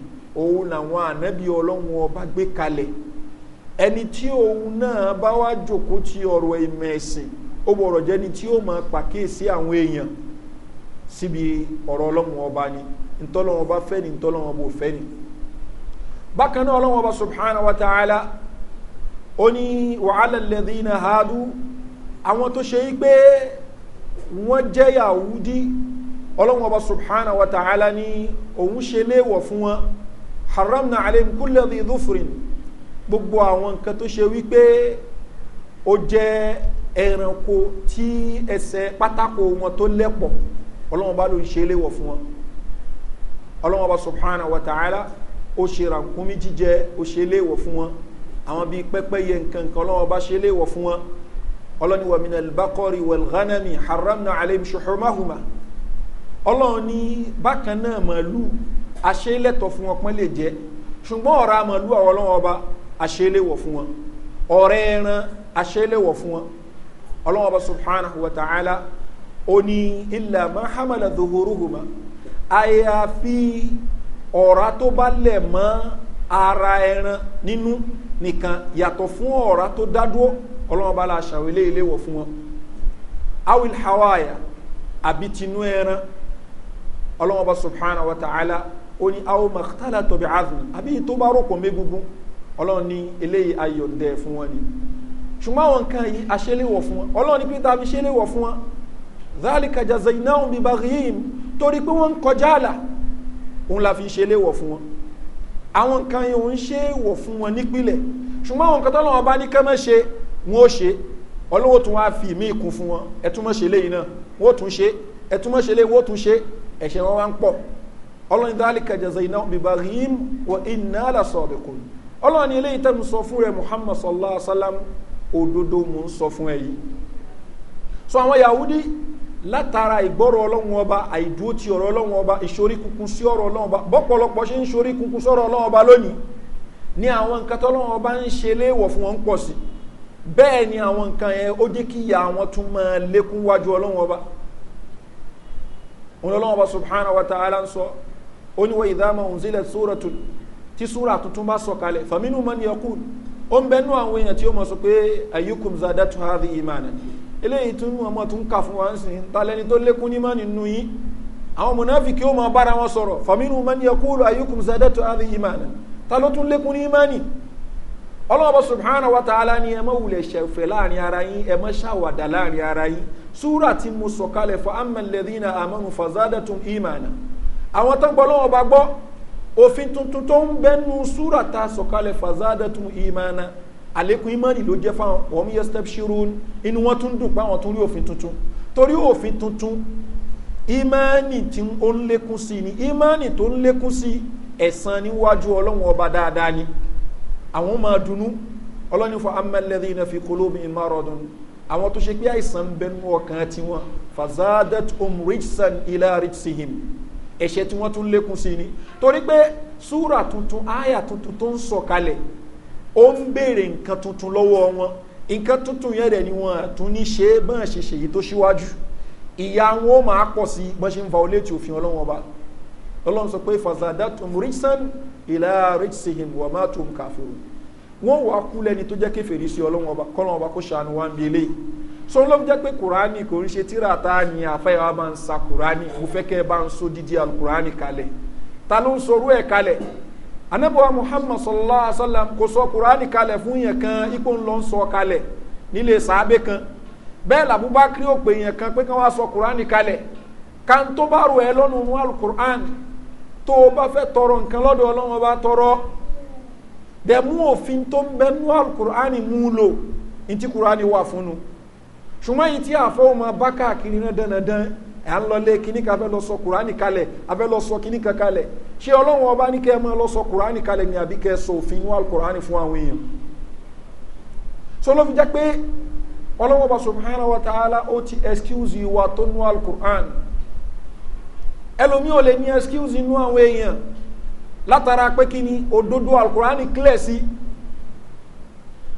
òun làwọn ànábì ọlọ́wọ́ bá gbé kalẹ̀ ẹni tí òun náà bá wá jòkó ti ọ̀rọ̀ ìmẹ̀sì ó bọ̀rọ̀ jẹ́ ni tí ó máa pàkíyèsí àwọn èèyàn síbi ọ̀rọ̀ ọlọ́wọ́ bá ní ntọ́lọ́wọ́ bá fẹ́ ni ntọ́lọ́wọ́ bó fẹ́ ni bákan náà ọlọ́wọ́ bá subhanahu wa ta'ala ó ní wàhálà lẹ́dínà hádùú àwọn tó ṣe pé wọ́n jẹ́ yahudi ọlọ́wọ́n ọba subhana wa ta'ala ni òun ṣe léèwọ̀ fún wọn haram na alim kúlẹ̀ ní dhufurin gbogbo àwọn nǹkan tó ṣe wípé ó jẹ́ ẹranko tí ẹsẹ̀ pátákó wọn tó lẹ́pọ̀ ọlọ́wọ́n bá ló ń ṣe léèwọ̀ fún wọn ọlọ́wọ́n ọba subhana wa ta'ala ó ṣe rànkúmí jíjẹ ó ṣe léèwọ̀ fún wọn àwọn bíi pẹ́pẹ́yẹ nǹkan nǹkan ọlọ́wọ́n ọba ṣe léèwọ̀ fún wọn ọlọ́ni wà mínà bákọ́rì wẹ̀lgánàmì haramna alẹ́ ṣùhùmáhùmá ọlọ́ni bákan náà màálù aṣẹ́lẹ̀tọ̀ fún wọn pọ́n lè jẹ́ ṣùgbọ́n ọ̀rá màálù àwọn ọlọ́wọ́ ọba aṣẹ́lẹ̀wọ̀ fún wọn ọ̀rẹ́ ẹran aṣẹ́lẹ̀wọ̀ fún wọn ọlọ́wọ́ ọba subhanahu wa ta'ala ó ní ilà mahamala dohoruhuma àyàfi ọ̀rá tó bá lẹ̀ mọ́ ara ẹran nínú nìkan yàtọ̀ fún ọ̀rá tó dádúró ọlọ́wọ́n bá la ṣàwọn ilé ilé wọ̀ fún wọn awil hawaya àbí tinú ẹran ọlọ́wọ́n bá subhana wa ta'ala ó ní awo makitala tọbi azmi àbí tó bá rọ̀pọ̀ mégungun ọlọ́wọ́n ní eléyìí ayọ̀ dẹ̀ fún wọn ni ṣùgbọ́n àwọn nǹkan yìí aṣẹ́léwọ̀ fún wọn ọlọ́wọ́n ní pété àbí ṣẹléwọ̀ fún wọn zálìkà jazainahun bíi baghim torí pé wọ́n kọjá àlà òun la fi ń ṣẹléwọ̀ fún wọn àwọn nǹkan yìí òun ṣe wọ̀ fún wọn nípìnlẹ̀ ṣùgbọ́n àwọn nǹkan tó lọ́wọ́ bá ní kẹ́mẹ́ ṣe wọn ó ṣe ọlọ́wọ́ tún wá fi ìmí ìkún fún wọn ẹtúmọ̀ ṣe léyìn náà wọn ó tún ṣe ẹtúmọ̀ ṣe léyìn wọn ó tún ṣe ẹ̀ṣẹ̀ wọn wá ń pọ̀ ọlọ́ni dáálì kẹjẹsẹ̀ iná bíbá rìm wọ iná lásọ̀ ọ̀dẹ̀ kò ní ọlọ́ni eléyìí tẹ́ mi sọ fún rẹ muhammad sallallahu alayhi wa sallam òdodo mò ń sọ fún ẹ yìí so àwọn yahudi látara ìgbọ́rọ̀ ọlọ́run ọba àìdúró ti ọ̀rọ̀ ọlọ́run ọba ìṣorí kunkun sí ọ̀rọ̀ ọlọ́run ọba bọ́pọ̀lọpọ̀ ṣe ń ṣorí kunkun sọ̀rọ̀ ọlọ́run ọba lónìí ní àwọn nǹkan tọ́lọ́run ọba ń ṣe léèwọ̀ fún wọn ń pọ̀ sí i bẹ́ẹ̀ ni àwọn nǹkan yẹn ó jẹ́ kí ìyá wọn tún máa lékún wájú ọlọ́run ọba ọlọ́run ọba subhanahu wa ta'ala ń sọ ó ní wọ́n ìdáàmà òun sílẹ̀ sóra tún tí sóra tuntun bá sọ kalẹ̀ fàmínú mọ́ ni ó ń bẹnu àwọn èèyàn tí ó mọ̀ sọ pé ayukum zadatu hadhi imana eléyìí tún ọmọ tún kà fún wa ń sìn talẹ́ni tó lékún ní mọ́ni nù yín àwọn mọ̀nàfíkì ó mọ̀ bára wọn sọ̀rọ̀ fàmínú mọ́ ni ẹkùn ayukum zadatu hadhi imana ta ló tún lékún ní mọ́ni ọlọ́ọ̀bọ subhanahu wa ta'ala ni ẹ má wulẹ̀ ṣẹ̀fẹ̀ láàrin ara yín ẹ má ṣàwàdà láàrin ara yín súrà tí mo sọ̀kalẹ̀ fún amẹ́lẹ́dínà àmọ́nu fàzádẹ́tún ìmàna àwọn tó ń gbọ́ lọ́wọ́ bá gbọ́ òfin tuntun tó ń bẹnu súrà tá a sọ̀kalẹ̀ fàzádẹ́tún ìmàna àlékún ìmánì ló jẹ́ fáwọn wọ́n yẹ step shirun inú wọn tún dùn pé àwọn tún rí òfin tuntun torí òfin tuntun ìmánì tí ó ń lékún sí ni ìmánì tó ń lékún sí ẹ̀sán níwájú ọlọ́run ọba dáadáa ni àwọn máa dunnú ọlọ́nifọ̀ amẹ́lẹ́dẹ́ iná fi kolómi ìmárọ̀dún àwọn tó ṣe pé àìsàn ń bẹnu ọkàn tiwọn fazadat um richsan ilá richsihim ẹ̀ṣẹ̀ tí wọ́n tún lékún sí ni torí pé súra tuntun àyà tuntun tó ń sọ̀kalẹ̀ ó ń béèrè nǹkan tuntun lọ́wọ́ wọn nǹkan tuntun yẹn rẹ̀ ni wọ́n tún ní ṣe bọ́n ṣe ṣèyí tó ṣíwájú ìyá wọn ó máa pọ̀ sí bọ́n ṣe ń fa olétí òfin ọlọ́wọ́n ọba ọlọ́run sọ pé fàzàdà tó mú rìsàn ìlà rìsìhìn wà má tó nǹkan fèrè wọ́n wà kú lẹ́ni tó jẹ́ kéfèrè sí ọlọ́run ọba kọ́lọ́run ọba kó ṣàánú wá ń bi eléyìí sọ ló jẹ́ pé kùránì kò ń ṣe tíra tá a àfẹ́yà wa máa ń sa kùránì mo fẹ́ kẹ́ ẹ bá ń so dídí alukùránì kalẹ̀ ta ló ń sorú ẹ̀ kalẹ̀ anabiwa muhammad sallallahu alaihi wa sallam kò sọ kùránì kalẹ̀ fún yẹn kan ipò ń lọ ń sọ kalẹ̀ nílé sàábé kan bẹ́ẹ̀ làbúbákírí ò pè yẹn kan pé kí sọ kùránì kalẹ̀ kan bá rò ẹ lọ́nu alukùránì tó o bá fẹ́ tọrọ nǹkan lọ́dọ̀ ọlọ́run ọba tọrọ mu mú òfin tó ń bẹnu alukur'ani mú lò ní tí kur'ani wà fún un ṣùgbọ́n yìí tí àfọwọ́ bá káàkiri náà dandan à ń kíní kur'ani kalẹ̀ afẹ́ lọ sọ kíní kan kalẹ̀ ṣé ọlọ́run ọba ní kẹ́ ẹ kur'ani kalẹ̀ ni àbí kẹ́ ẹ sọ òfin inú alukur'ani fún àwọn èèyàn so ló jẹ́ pé ọlọ́run ọba subhanahu wa ta'ala ó wa tó nú ẹlòmí ò lè ní excuse inú àwọn èèyàn látara pé kí ni òdodo alukurani clear sí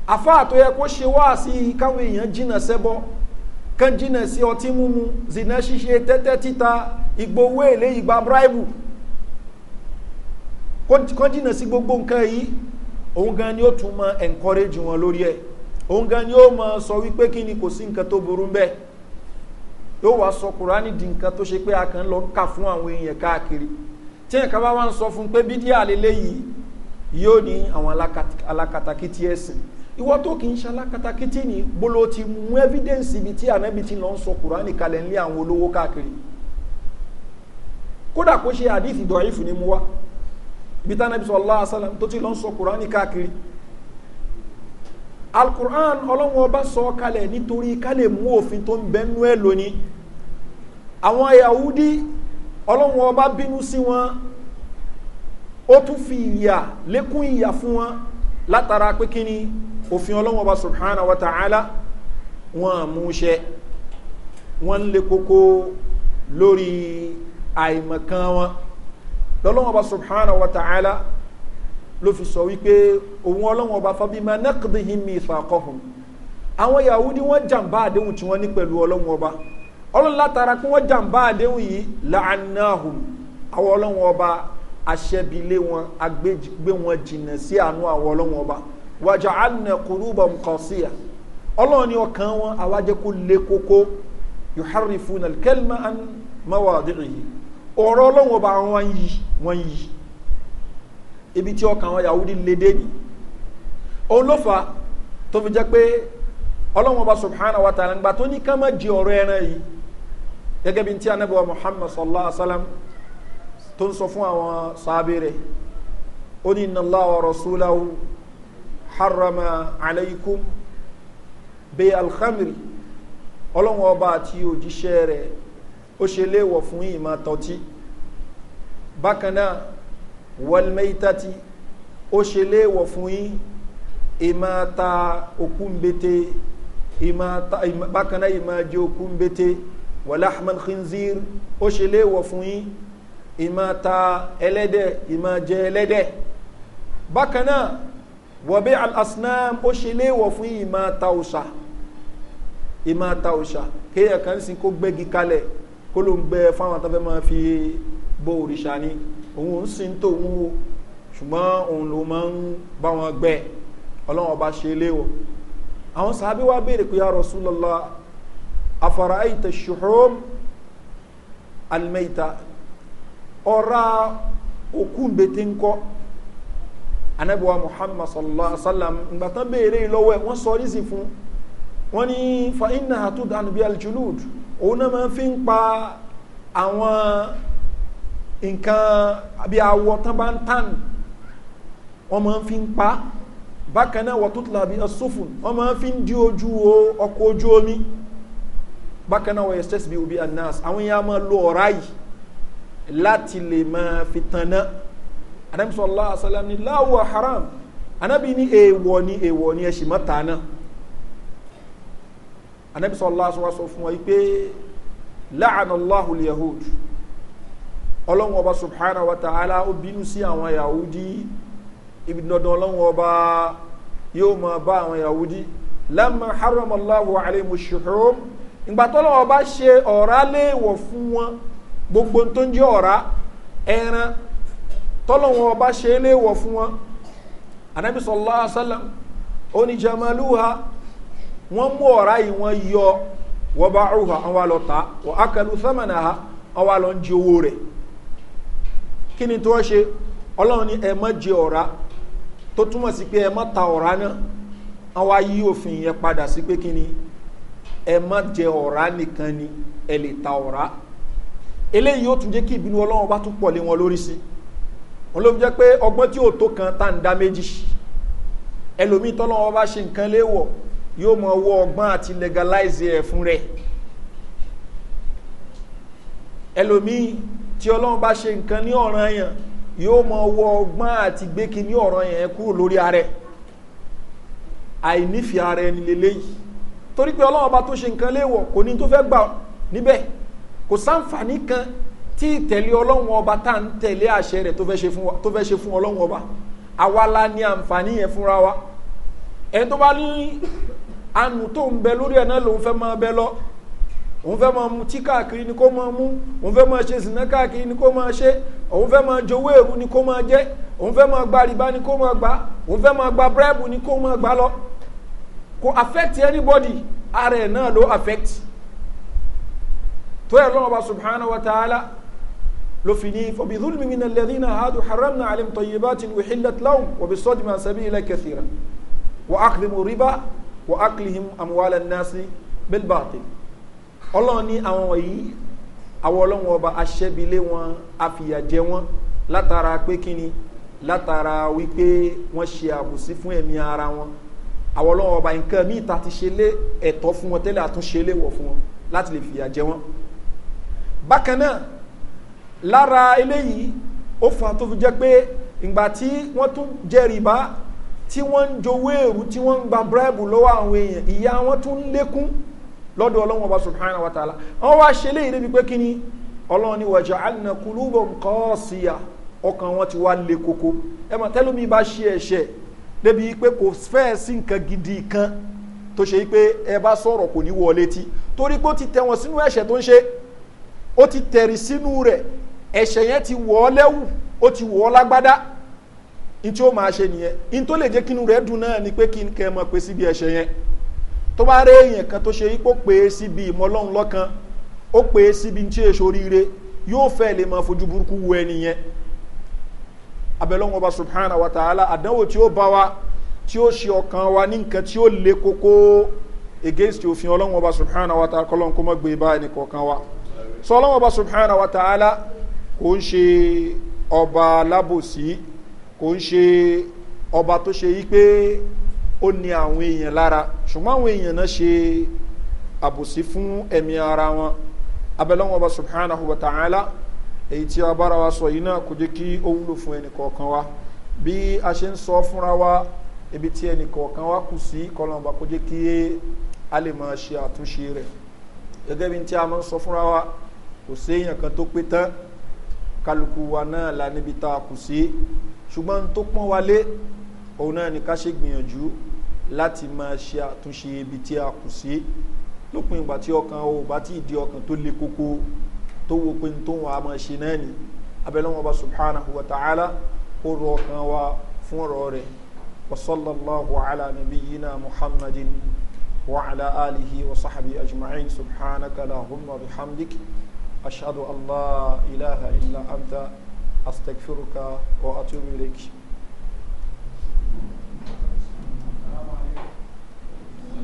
àfáà tó yẹ kó ṣe wá sí káwọn èèyàn jìnnà sẹ́bọ́ kan jìnnà sí ọtí mímu zina ṣíṣe tẹ́tẹ́ títa ìgbowó èlé ìgbà bíráìbù kan jìnnà sí gbogbo nǹkan yìí òun gan ni ó tún mọ encourage wọn lórí ẹ òun gan ni ó mọ sọ wípé kí ni kò sí nǹkan tó burú bẹ́ẹ̀ yóò wá sọ kùránì di nǹkan tó ṣe pé a kàn lọ kà fún àwọn èèyàn káàkiri tí nǹkan bá wà ń sọ fún pé bídíà lélẹ́yìí yóò ní àwọn alákatakítí ẹ̀sìn ìwọ tó kì í ṣe alákatakítí ni bolo ti mú evidence ibi tí ànábì ti lọ ń sọ kùránì kalẹ̀ nílé àwọn olówó káàkiri kódà kó ṣe àdìsí dọ̀yìfù ni mu wá ibi tí ànábì sọ ọlá asálàm tó ti lọ ń sọ kùránì káàkiri alukur'an ọlọ́run ọba sọ kalẹ̀ nítorí ká lè mú òfin tó ń bẹnu ẹ̀ lónìí àwọn yahudi ọlọ́run ọba bínú sí wọn ó tún fi ìyà lékún ìyà fún wọn látara pé kí ni òfin ọlọ́run ọba subhana wa ta'ala wọn àmúṣẹ wọn lè koko lórí àìmọ̀kan wọn lọ́lọ́run ọba subhana wa ta'ala ló fi sọ wípé òun ọlọ́wọ́n ọba fábímọ nẹ́kìdìhìn mi ìfàkọ́hùn àwọn yahudi wọ́n jàǹbá àdéhùn tí wọ́n ní pẹ̀lú ọlọ́wọ́n ọba ọlọ́run látara pé wọ́n jàǹbá àdéhùn yìí làánàhùn àwọn ọlọ́wọ́n ọba aṣẹ́bilé wọn agbé wọn jìnnà sí àánú àwọn ọlọ́wọ́n ọba wàjà ànà kùrúbà nkọ̀síà ọlọ́run ni ọkàn wọn àwájẹ́ kó lé kókó yuharifuna kẹlma an mawadihi ọ̀rọ̀ ọlọ́wọ́n ọba wọn yìí wọn yìí ibi tí ọkàn àwọn yahudi lédè ni òun ló fà tó fi jẹ́ pé ọlọ́run ọba subhanahu wa ta'ala gba tó ní ká má jẹ ọ̀rọ̀ ẹran yìí gẹ́gẹ́ bí tí anábọ̀ muhammad sallallahu alaihi wa sallam tó ń sọ fún àwọn sábẹ́rẹ́ ó ní iná láwọ̀ rasulahu harama alaykum bẹ́ẹ̀ alhamiri ọlọ́run ọba àti òjíṣẹ́ rẹ̀ ó ṣe léèwọ̀ fún ìmọ̀ tọ́tí bákan náà wọlmẹ́tàtì ó ṣe léèwọ̀ fún yín ìmọ̀ ta okú ń bété bákan náà ìmọ̀ jẹ́ okú ń bété wàláhàmán khinzir ó ṣe léèwọ̀ fún yín ìmọ̀ ta ẹlẹ́dẹ̀ ìmọ̀ jẹ́ ẹlẹ́dẹ̀ bákan náà wọ̀bẹ́ al-asnam ó ṣe léèwọ̀ fún yín ìmọ̀ ta òṣà ìmọ̀ ta òṣà kéèyàn kan sì kó gbẹ́gi kalẹ̀ kó ló ń gbẹ fáwọn àtàfẹ́ máa fi bo òrìṣà ni òun ò sí tó òun o ṣùgbọ́n òun ló máa ń bá wọn gbẹ ọlọ́run ọba ṣe léwọ̀ àwọn sàábí wá béèrè pé ya rọ̀súlọ́lá afara àìtẹ̀ ṣùhóm alimẹ́ta ọ̀rá òkú gbètè ń kọ́ anabiwa muhammad sallallahu alaihi wa sallam ngbàtà béèrè lọ́wọ́ ẹ̀ wọ́n sọ ọ́ fún wọ́n ní fa iná àtúndà ànúbí aljulud òun náà máa fi ń pa àwọn nǹkan bí awọ tán bá ń tàn wọ́n máa ń fi ń pa bákan náà wọ́n tó tìlà bí asófùn wọ́n máa ń fi ń dí ojú ọkọ̀ ojú omi bákan náà wọ́n yẹ stress bí obi anas àwọn yẹn a máa lo ọ̀rá yìí láti lè máa fi tanná anabi sọlá asalam ni láwọ haram anabi ni èèwọ̀ ni èèwọ̀ ni ẹ̀ṣì mọ́ta náà anabi sọlá sọ fún wa yìí pé láàánú allahu yahoo ọlọ́run ọba subhana wa ta'ala ó bínú sí àwọn yahudi ibi dandan ọlọ́run ọba yóò máa bá àwọn yahudi lẹ́mọ̀ haramallahu alayhi mushroom ìgbà tọ́lọ́run ọba ṣe ọ̀rá léèwọ̀ fún wọn gbogbo tó ń jẹ́ ọ̀rá ẹran tọ́lọ́run ọba ṣe léèwọ̀ fún wọn anabi sallallahu alayhi wa sallam ó ní jamaluha wọ́n mú ọ̀rá yìí wọ́n yọ wọ́n bá ọ̀hún àwọn àlọ́ta wọ́n akẹ́lu sẹ́mẹ̀nà ha àwọn àlọ́ ń jẹ owó rẹ̀ kí ni tó ṣe ọlọ́run ní ẹ mọ́ jẹ ọ̀rá tó túmọ̀ sí pé ẹ mọ́ ta ọ̀rá náà wọ́n wá yí òfin yẹn padà sí pé kí ni ẹ mọ́ jẹ ọ̀rá nìkan ni ẹ lè ta ọ̀rá eléyìí ó tún jẹ́ kí ìbínú ọlọ́run bá tún pọ̀ lé wọn lórí sí wọn ló fi jẹ́ pé ọgbọ́n tí ò tó kan tá à dá méjì ẹlòmíì tọ́lọ́wọ́ bá ṣe nǹkan léwọ̀ yóò mọ owó ọgbọ́n àti legalize ẹ̀ fún rẹ̀ ẹlòmíì tí ọlọ́run bá ṣe nǹkan ní ọ̀ràn yẹn yóò mọ wọ ọgbọ́n àti gbékin ní ọ̀ràn yẹn kúrò lórí ara ẹ̀ àìnífẹ̀ẹ́ ara ẹni lélẹ́yìí torí pé ọlọ́run bá tó ṣe nǹkan léèwọ̀ kò ní tó fẹ́ gbà níbẹ̀ kò sáǹfààní kan tí ìtẹ̀lé ọlọ́run ọba tá à ń tẹ̀lé àṣẹ rẹ̀ tó fẹ́ ṣe fún ọlọ́run ọba àwa la àǹfààní yẹn fúnra wa ẹni tó bá ní àánú tó ń bẹ lórí ẹ̀ náà lòun fẹ́ máa bẹ lọ òun fẹ́ máa mu tí káàkiri ni kó máa mú òun fẹ́ máa ṣe zìnà káàkiri ni kó máa ṣe òun fẹ́ máa jowó èrú ni kó máa jẹ́ òun fẹ́ máa gba rìbá ni kó máa gbà òun fẹ́ máa gba bírẹ́bù ni kó máa gbà lọ kò affect anybody ara ẹ̀ náà ló affect tó yẹ lọ́wọ́ bá subhanahu wa ta'ala ló fi ní fọbìdúlmi mi nà lẹ́dí náà hadu haram na alim tọyìbá ti wù hillat lahun wà bí sọ́jì máa sẹ́bí ilẹ̀ kẹsìrà wà ákìlì mu rìbá wà ákìlì him amwala nasi bilbaati ọlọ́run ní àwọn yìí àwọn ọlọ́run ọba aṣẹ́bilé wọn afìyàjẹ wọn látara pé kíni látara wípé wọ́n ṣe àbùsí fún ẹ̀mí ara wọn àwọn ọlọ́run ọba nǹkan míì ta ti ṣe lé ẹ̀tọ́ fún wọn tẹ́lẹ̀ àtúnṣe léwọ̀ fún wọn láti lè fìyà jẹ wọn bákan náà lára eléyìí ó fa tó fi jẹ́ pé ìgbà tí wọ́n tún jẹ́ rìbá tí wọ́n ń jowó èrú tí wọ́n ń gba bíráìbù lọ́wọ́ àwọn èèyàn ìyá wọn tún lékún lọ́dọ̀ ọlọ́run ọba subhanahu wa ta'ala wọ́n wá ṣe léyìn débi pé kíni ọlọ́run ni wàjà àná kúlúbọ̀ nǹkan síya ọkàn wọn ti wá le koko ẹ mọ̀ tẹ́lómi bá ṣe ẹ̀ṣẹ̀ débi pé kò fẹ́ sí nǹkan gidi kan tó ṣe pé ẹ bá sọ̀rọ̀ kò ní wọlé tí torí pé ó ti tẹ̀ wọ́n sínú ẹ̀ṣẹ̀ tó ń ṣe ó ti tẹ̀rì sínú rẹ̀ ẹ̀ṣẹ̀ yẹn ti wọ̀ lẹ́wù ó ti wọ̀ lágbádá ní tí ó máa ṣe nìyẹn ní tó lè jẹ́ kínú rẹ̀ dùn náà ni pé kí n kẹ́ mọ̀ pé síbi ẹ̀ṣẹ̀ yẹn tó bá rí èèyàn kan tó ṣe yípo pé síbi ìmọ̀lọ́run lọ́kan ó pé síbi tí èso ríire yóò fẹ́ lè máa fojú burúkú wo ẹni yẹn subhana wa ta'ala àdánwò tí ó bá wa tí ó ṣe ọkàn wa ní nǹkan tí ó le koko against òfin ọlọ́wọ́n ọba subhana wa ta'ala kọ́lọ́n kó mọ́ gbé e bá ẹnì kọ̀ọ̀kan wa sọ ọlọ́wọ́n subhana wa ta'ala kò ń ṣe ọba alábòsí kò ń ṣe ọba tó ṣe yí pé ó ní àwọn èèyàn lára ṣùgbọ́n àwọn èèyàn náà ṣe àbòsí fún ẹ̀mí ara wọn abẹ́lẹ́wọ̀n ọba subhanahu wa ta'ala èyí tí a bára wa sọ yìí náà kò jẹ́ kí ó wúlò fún ẹnì kọ̀ọ̀kan wa bí a ṣe ń sọ fúnra wa ibi tí ẹnì kọ̀ọ̀kan wa kù sí kọlọ́mọba kó jẹ́ kí a lè máa ṣe àtúnṣe rẹ̀ gẹ́gẹ́ bí tí a máa ń sọ fúnra wa kò sí èèyàn kan tó pé tán kálukú wa náà la níbi tá a kù sí ṣùgbọ́n tó pọ́n wa lé òun náà ni ká ṣe gbìyànjú láti máa ṣe àtúnṣe ibi tí a kù sí lópin ìgbà tí ọkàn o bá tí ì di ọkàn tó le koko tó wo pé tó wọn a máa ṣe náà ni abẹ́lẹ́wọ̀n ọba subhanahu wa ta'ala kó rọ ọkàn wa fún ọ̀rọ̀ rẹ̀ wasallallahu ala nabiyina muhammadin wa ala alihi wa sahabi ajma'in subhanaka lahumma bihamdik ashadu allah ilaha illa anta astagfiruka wa atubu ilayk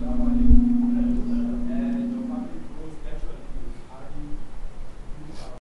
Assalamu alaikum.